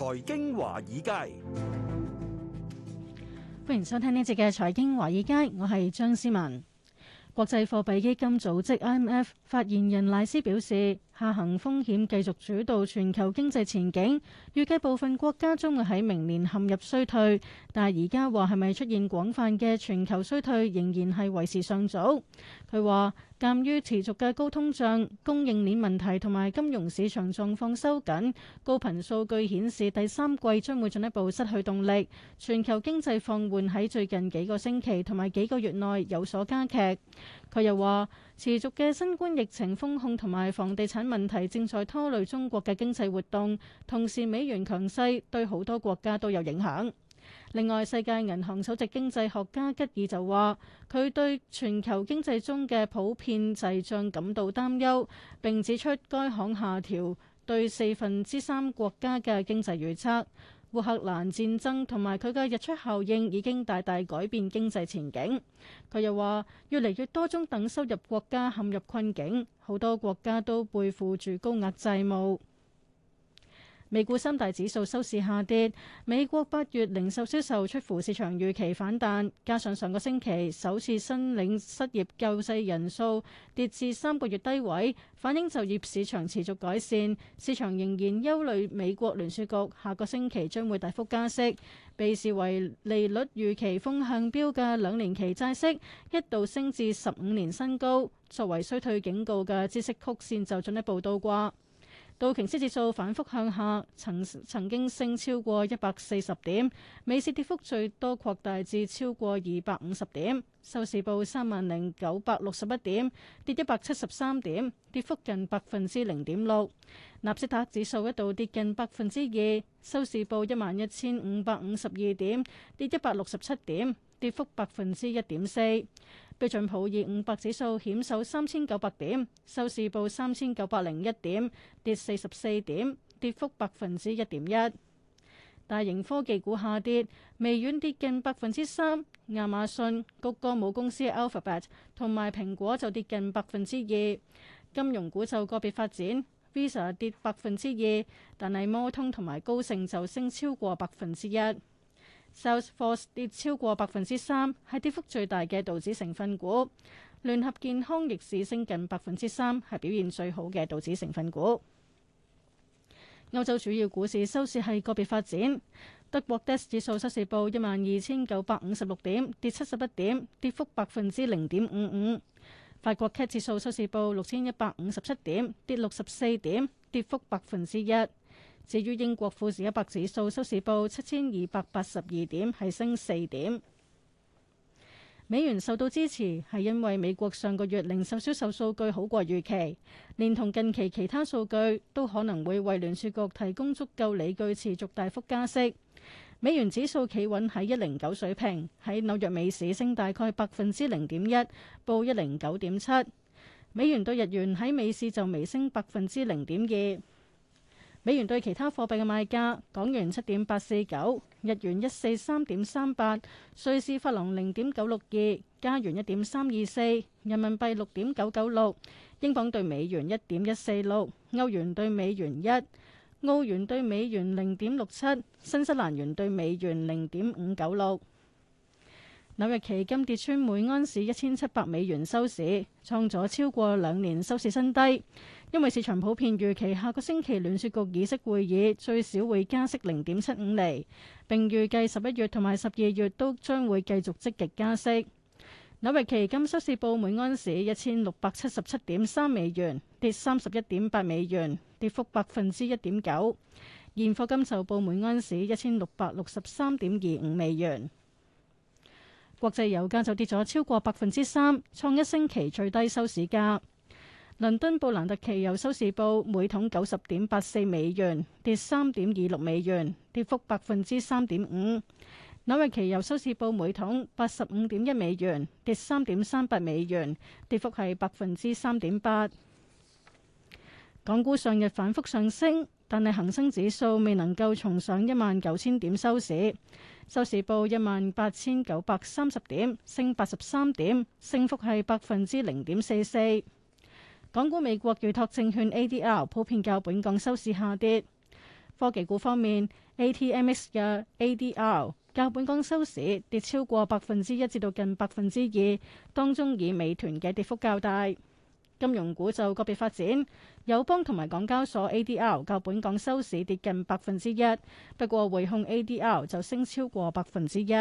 財經華爾街，歡迎收聽呢一節嘅財經華爾街。我係張思文。國際貨幣基金組織 IMF 發言人賴斯表示，下行風險繼續主導全球經濟前景，預計部分國家將會喺明年陷入衰退，但係而家話係咪出現廣泛嘅全球衰退，仍然係為時尚早。佢話。鑒於持續嘅高通脹、供應鏈問題同埋金融市場狀況收緊，高頻數據顯示第三季將會進一步失去動力。全球經濟放緩喺最近幾個星期同埋幾個月內有所加劇。佢又話，持續嘅新冠疫情風控同埋房地產問題正在拖累中國嘅經濟活動，同時美元強勢對好多國家都有影響。另外，世界銀行首席經濟學家吉爾就話：佢對全球經濟中嘅普遍滯脹感到擔憂，並指出該行下調對四分之三國家嘅經濟預測。烏克蘭戰爭同埋佢嘅日出效應已經大大改變經濟前景。佢又話：越嚟越多中等收入國家陷入困境，好多國家都背負住高額債務。美股三大指數收市下跌，美國八月零售銷售出乎市場預期反彈，加上上個星期首次申領失業救濟人數跌至三個月低位，反映就業市場持續改善。市場仍然憂慮美國聯儲局下個星期將會大幅加息，被視為利率預期風向標嘅兩年期債息一度升至十五年新高，作為衰退警告嘅孳息曲線就進一步倒掛。道瓊斯指數反覆向下，曾曾經升超過一百四十點，美市跌幅最多擴大至超過二百五十點，收市報三萬零九百六十一點，跌一百七十三點，跌幅近百分之零點六。納斯達指數一度跌近百分之二，收市報一萬一千五百五十二點，跌一百六十七點，跌幅百分之一點四。標準普爾五百指數險守三千九百點，收市報三千九百零一點，跌四十四點，跌幅百分之一點一。大型科技股下跌，微軟跌近百分之三，亞馬遜、谷歌母公司 Alphabet 同埋蘋果就跌近百分之二。金融股就個別發展，Visa 跌百分之二，但係摩通同埋高盛就升超過百分之一。Salesforce 跌超過百分之三，係跌幅最大嘅道指成分股。聯合健康逆市升近百分之三，係表現最好嘅道指成分股。歐洲主要股市收市係個別發展。德國 DAX 指數收市報一萬二千九百五十六點，跌七十一點，跌幅百分之零點五五。法國 CAC 指數收市報六千一百五十七點，跌六十四點，跌幅百分之一。至於英國富時一百指數收市報七千二百八十二點，係升四點。美元受到支持係因為美國上個月零售銷售數據好過預期，連同近期其他數據都可能會為聯儲局提供足夠理據，持續大幅加息。美元指數企穩喺一零九水平，喺紐約美市升大概百分之零點一，報一零九點七。美元對日元喺美市就微升百分之零點二。美元對其他貨幣嘅賣價：港元七點八四九，日元一四三點三八，瑞士法郎零點九六二，加元一點三二四，人民幣六點九九六，英鎊對美元一點一四六，歐元對美元一，澳元對美元零點六七，新西蘭元對美元零點五九六。紐約期金跌穿每盎司一千七百美元收市，創咗超過兩年收市新低。因為市場普遍預期下個星期聯儲局議息會議最少會加息零點七五厘，並預計十一月同埋十二月都將會繼續積極加息。紐約期金收市報每安士一千六百七十七點三美元，跌三十一點八美元，跌幅百分之一點九。現貨金收報每安士一千六百六十三點二五美元。國際油價就跌咗超過百分之三，創一星期最低收市價。倫敦布蘭特期油收市報每桶九十點八四美元，跌三點二六美元，跌幅百分之三點五。紐約期油收市報每桶八十五點一美元，跌三點三八美元，跌幅係百分之三點八。港股上日反覆上升，但係恒生指數未能夠重上一萬九千點收市，收市報一萬八千九百三十點，升八十三點，升幅係百分之零點四四。港股美國預託證券 A D R 普遍較本港收市下跌。科技股方面，A T M S 嘅 A D R 較本港收市跌超過百分之一至到近百分之二，當中以美團嘅跌幅較大。金融股就個別發展，友邦同埋港交所 A D R 較本港收市跌近百分之一，不過匯控 A D R 就升超過百分之一。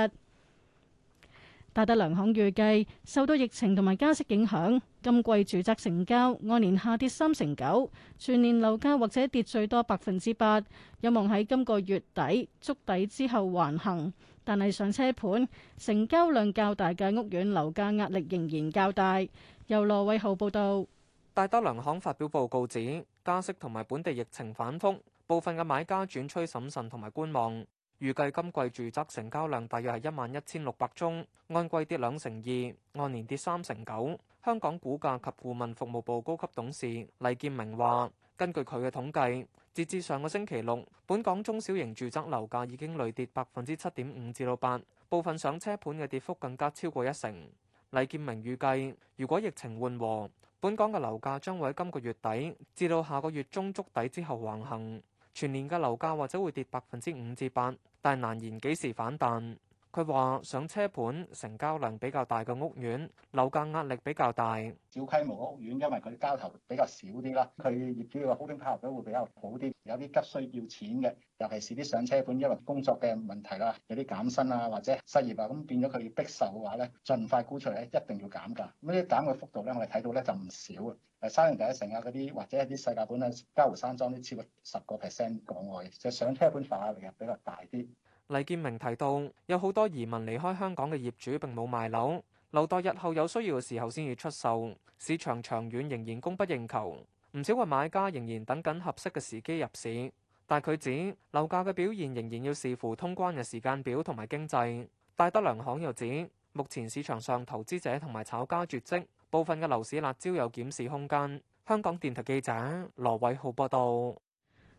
戴德梁行預計受到疫情同埋加息影響，今季住宅成交按年下跌三成九，全年樓價或者跌最多百分之八，有望喺今個月底觸底之後橫行。但係上車盤成交量較大嘅屋苑樓價壓力仍然較大。由羅偉浩報導。戴德梁行發表報告指，加息同埋本地疫情反覆，部分嘅買家轉趨審慎同埋觀望。預計今季住宅成交量大約係一萬一千六百宗，按季跌兩成二，按年跌三成九。香港股價及顧問服務部高級董事黎建明話，根據佢嘅統計，截至上個星期六，本港中小型住宅樓價已經累跌百分之七點五至到八，部分上車盤嘅跌幅更加超過一成。黎建明預計，如果疫情緩和，本港嘅樓價將會喺今個月底至到下個月中築底之後橫行。全年嘅樓價或者會跌百分之五至八，但係難言幾時反彈。佢話上車盤成交量比較大嘅屋苑，樓價壓力比較大，小規模屋苑因為佢交投比較少啲啦，佢業主嘅 holding power 都會比較好啲。有啲急需要錢嘅，尤其是啲上車盤，因為工作嘅問題啦，有啲減薪啊或者失業啊，咁變咗佢要逼售嘅話咧，盡快沽出嚟一定要減價。咁啲減嘅幅度咧，我哋睇到咧就唔少啊。沙田第一城啊，嗰啲或者一啲世界盤啊，嘉湖山莊啲超過十個 percent 港外，就是、上車盤反壓力比較大啲。黎建明提到，有好多移民離開香港嘅業主並冇賣樓，留待日後有需要嘅時候先要出售。市場長遠仍然供不應求，唔少個買家仍然等緊合適嘅時機入市。但佢指樓價嘅表現仍然要視乎通關嘅時間表同埋經濟。戴德梁行又指，目前市場上投資者同埋炒家絕迹，部分嘅樓市辣椒有檢視空間。香港電台記者羅偉浩報道。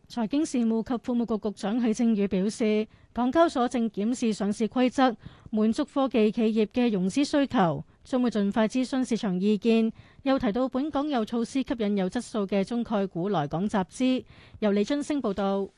財經事務及庫務局局長許正宇表示，港交所正檢視上市規則，滿足科技企業嘅融資需求，將會盡快諮詢市場意見。又提到，本港有措施吸引有質素嘅中概股來港集資。由李津升報道。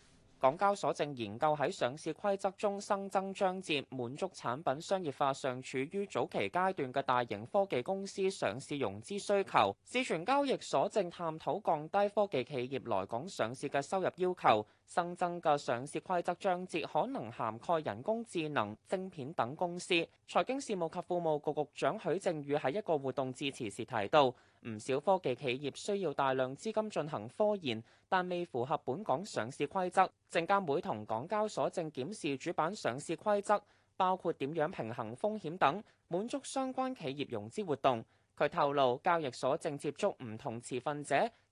港交所正研究喺上市規則中新增章節，滿足產品商業化尚處於早期階段嘅大型科技公司上市融資需求。四全交易所正探討降低科技企業來港上市嘅收入要求，新增嘅上市規則章節可能涵蓋人工智能、芯片等公司。財經事務及庫務局局長許正宇喺一個活動致辭時提到，唔少科技企業需要大量資金進行科研，但未符合本港上市規則。證監會同港交所正檢視主板上市規則，包括點樣平衡風險等，滿足相關企業融資活動。佢透露，交易所正接觸唔同持份者。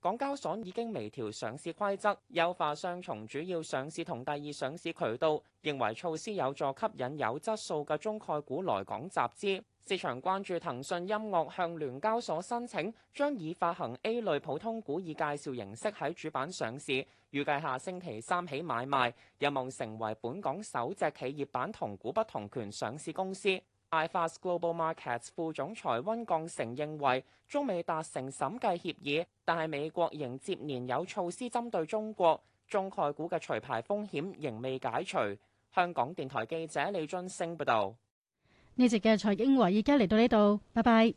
港交所已經微調上市規則，優化雙重主要上市同第二上市渠道，認為措施有助吸引有質素嘅中概股來港集資。市場關注騰訊音樂向聯交所申請，將以發行 A 類普通股以介紹形式喺主板上市，預計下星期三起買賣，有望成為本港首隻企業版同股不同權上市公司。iFast Global Markets 副總裁溫鋼成認為，中美達成審計協議，但係美國仍接連有措施針對中國中概股嘅除牌風險仍未解除。香港電台記者李津升報道。呢集嘅財經華爾街，而家嚟到呢度，拜拜。